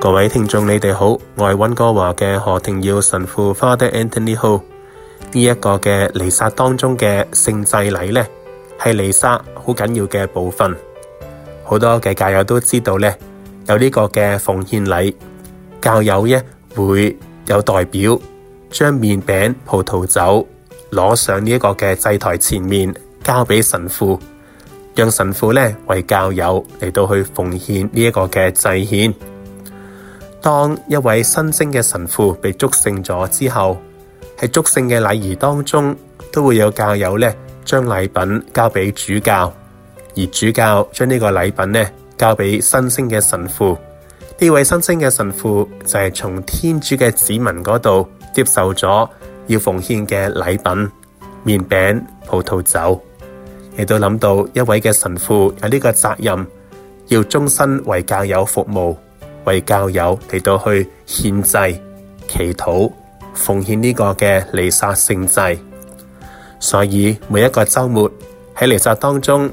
各位聽眾，你哋好，我係溫哥華嘅何庭耀神父 Father Anthony Ho。呢一個嘅彌撒當中嘅聖祭禮咧，係彌撒好緊要嘅部分。好多嘅教友都知道咧，有呢個嘅奉獻禮，教友呢會有代表將麵餅、葡萄酒攞上呢一個嘅祭台前面，交俾神父，讓神父咧為教友嚟到去奉獻呢一個嘅祭獻。當一位新升嘅神父被祝聖咗之後，喺祝聖嘅禮儀當中，都會有教友呢將禮品交俾主教，而主教將呢個禮品呢交俾新升嘅神父。呢位新升嘅神父就係從天主嘅子民嗰度接受咗要奉獻嘅禮品、麵餅、葡萄酒，亦都諗到一位嘅神父有呢個責任，要終身為教友服務，為教友嚟到去獻祭、祈禱、奉獻呢個嘅彌撒聖祭，所以每一個周末喺彌撒當中，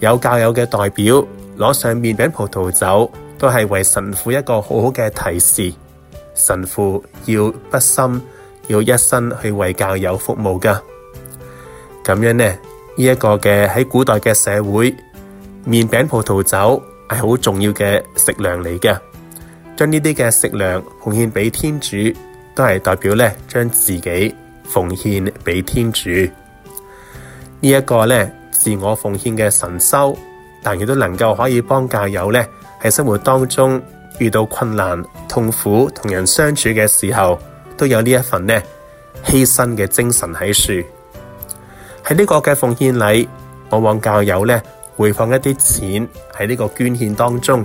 有教友嘅代表攞上麵餅、葡萄酒，都係為神父一個好好嘅提示。神父要不心，要一心去為教友服務噶。咁樣呢，呢、這、一個嘅喺古代嘅社會，麵餅、葡萄酒係好重要嘅食糧嚟嘅。將呢啲嘅食糧奉獻俾天主，都係代表咧，將自己奉獻俾天主。這個、呢一個咧自我奉獻嘅神修，但亦都能夠可以幫教友咧喺生活當中遇到困難、痛苦、同人相處嘅時候，都有這呢一份咧犧牲嘅精神喺度。喺呢個嘅奉獻禮，往往教友咧會放一啲錢喺呢個捐獻當中，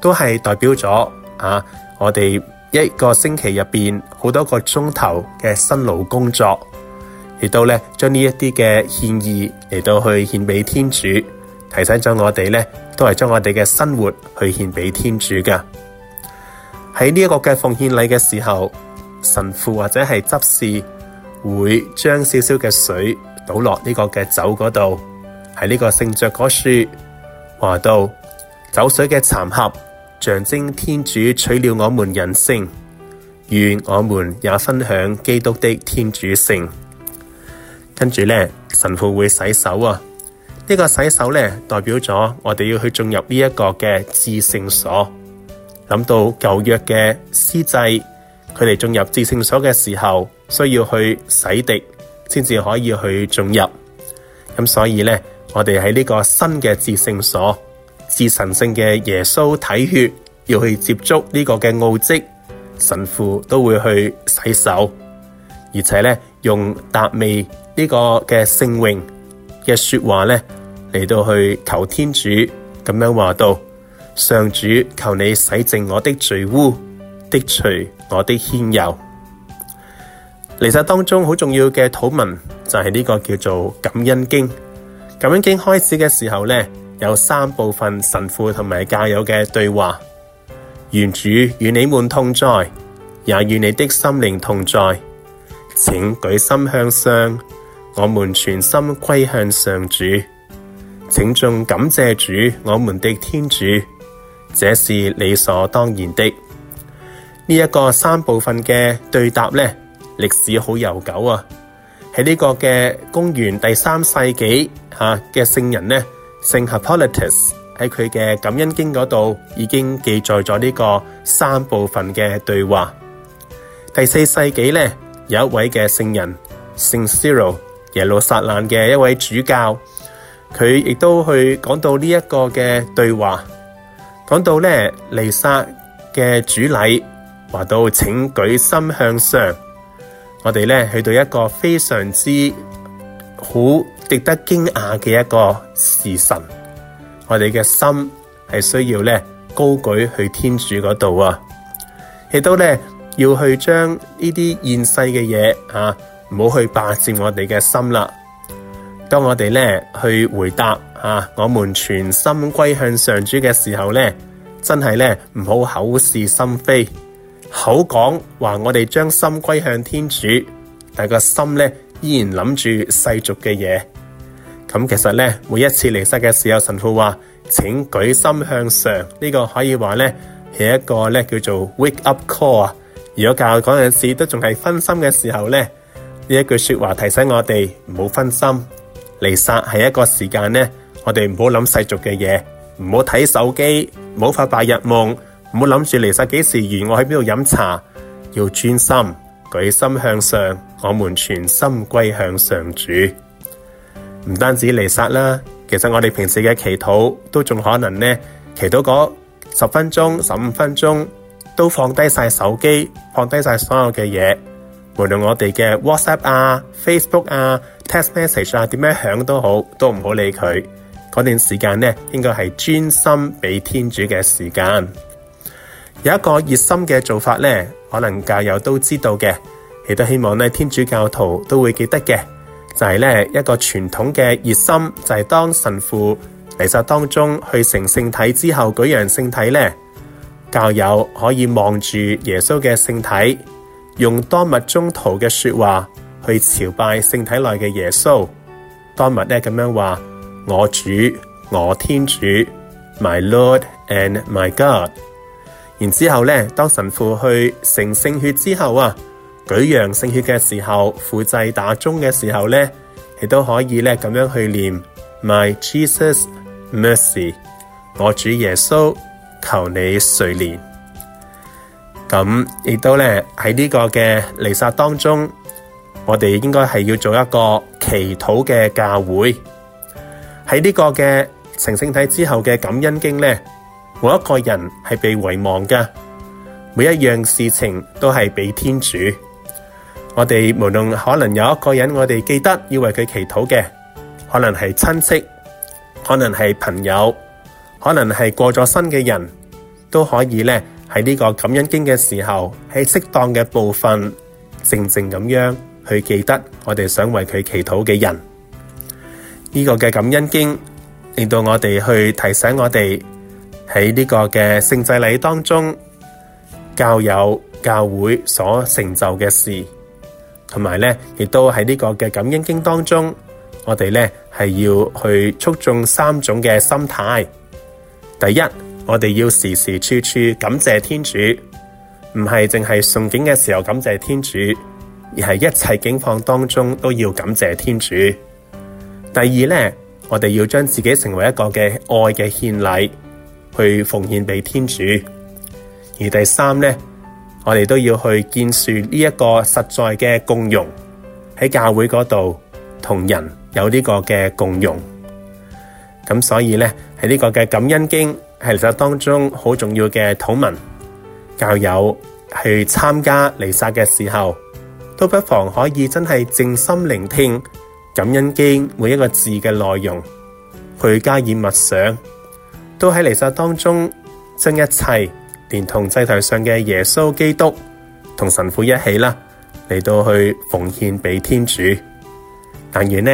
都係代表咗。啊！我哋一個星期入邊好多個鐘頭嘅辛勞工作，亦都咧將呢一啲嘅獻意嚟到去獻俾天主，提醒咗我哋咧都係將我哋嘅生活去獻俾天主噶。喺呢一個嘅奉獻禮嘅時候，神父或者係執事會將少少嘅水倒落呢個嘅酒嗰度，喺呢個聖爵嗰處，話到酒水嘅攙合，象徵天主取了我們人性，願我們也分享基督的天主性。跟住呢，神父會洗手啊、哦、呢、這個洗手呢，代表咗我哋要去進入呢一個嘅至聖所。諗到舊約嘅司祭，佢哋進入至聖所嘅時候需要去洗滌，先至可以去進入。咁、嗯、所以呢，我哋喺呢個新嘅至聖所。是神聖嘅耶穌體血，要去接觸呢個嘅奧蹟，神父都會去洗手，而且呢，用達味呢個嘅聖詠嘅說話呢嚟到去求天主，咁樣話道：上主，求你洗淨我的罪污，滌除我的愆尤。彌撒當中好重要嘅禱文就是呢個叫做感恩經。感恩經開始嘅時候呢，有三部分神父同埋教友嘅對話。願主與你們同在，也與你的心靈同在。請舉心向上，我們全心歸向上主。請眾感謝主、我們的天主。這是理所當然的。呢、這、一個三部分嘅對答呢，歷史好悠久啊。喺呢個嘅公元第三世紀吓嘅聖人呢。聖何保列斯喺佢嘅《感恩經》嗰度已經記載咗呢個三部分嘅對話。第四世紀咧，有一位嘅聖人，聖西羅耶路撒冷嘅一位主教，佢亦都去講到呢一個嘅對話，講到咧彌撒嘅主禮話到，請舉心向上。我哋咧去到一個非常之好值得驚訝嘅一個時辰，我哋嘅心係需要咧高舉去天主嗰度啊，亦都呢，要去將呢啲現世嘅嘢啊，唔好去霸佔我哋嘅心啦。當我哋呢去回答啊，我們全心歸向上主嘅時候呢，真係呢，唔好口是心非，口講話我哋將心歸向天主，但個心呢依然諗住世俗嘅嘢。咁其實呢，每一次彌撒嘅時候，神父話：請舉心向上，呢個可以話呢係一個咧叫做 wake up call 啊！如果教我講嘅事都仲係分心嘅時候呢，呢一句説話提醒我哋唔好分心。彌撒係一個時間呢，我哋唔好諗世俗嘅嘢，唔好睇手機，唔好發白日夢，唔好諗住彌撒幾時完，我喺邊度飲茶，要專心舉心向上，我們全心歸向上主。唔單止彌撒啦，其實我哋平時嘅祈禱都仲可能呢，祈禱嗰十分鐘、十五分鐘都放低晒手機，放低晒所有嘅嘢，無論我哋嘅 WhatsApp 啊、Facebook 啊、Text Message 啊點樣響都好，都唔好理佢。嗰段時間呢，應該係專心俾天主嘅時間。有一個熱心嘅做法呢，可能教友都知道嘅，亦都希望呢，天主教徒都會記得嘅。就係、是、咧一個傳統嘅熱心，就係、是、當神父嚟實當中去成聖體之後舉揚聖體咧，教友可以望住耶穌嘅聖體，用多默宗徒嘅說話去朝拜聖體內嘅耶穌。多默咧咁樣話我主，我天主 my Lord and my God，然之後咧當神父去成聖血之後啊。舉揚聖血嘅時候，輔祭打鐘嘅時候咧，亦都可以咧咁樣去念 My Jesus Mercy，我主耶穌，求你垂憐。咁、嗯、亦、嗯、都咧喺呢個嘅彌撒當中，我哋應該係要做一個祈禱嘅教會。喺呢個嘅成聖體之後嘅感恩經咧，每一個人係被遺忘嘅，每一樣事情都係俾天主。我哋無論可能有一個人，我哋記得要為佢祈禱嘅，可能係親戚，可能係朋友，可能係過咗身嘅人都可以呢。喺呢個感恩經嘅時候，喺適當嘅部分，靜靜咁樣去記得我哋想為佢祈禱嘅人。呢個嘅感恩經令到我哋去提醒我哋喺呢個嘅聖祭禮當中，教友教會所成就嘅事。同埋咧，亦都喺呢個嘅感恩經當中，我哋咧係要去促進三種嘅心態。第一，我哋要時時處處感謝天主，唔係淨係順境嘅時候感謝天主，而係一切境況當中都要感謝天主。第二咧，我哋要將自己成為一個嘅愛嘅獻禮，去奉獻俾天主。而第三咧。我哋都要去建樹呢一個實在嘅共融，喺教會嗰度同人有呢個嘅共融。咁所以呢，喺呢個嘅感恩經係彌撒當中好重要嘅禱文，教友去參加彌撒嘅時候，都不妨可以真係靜心聆聽感恩經每一個字嘅內容，去加以默想，都喺彌撒當中將一切。連同祭台上嘅耶穌基督同神父一起啦，嚟到去奉獻俾天主。但願呢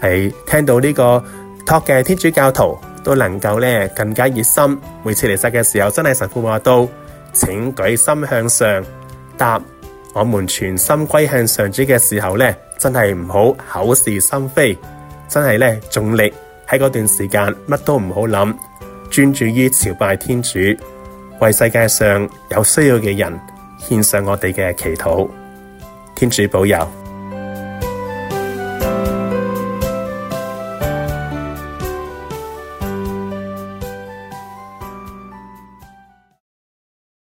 係聽到呢個 talk 嘅天主教徒都能夠呢，更加熱心，每次嚟世嘅時候，真係神父話到，請舉心向上，答我們全心歸向上主嘅時候呢，真係唔好口是心非，真係呢盡力喺嗰段時間乜都唔好諗，專注於朝拜天主。為世界上有需要嘅人獻上我哋嘅祈禱，天主保佑。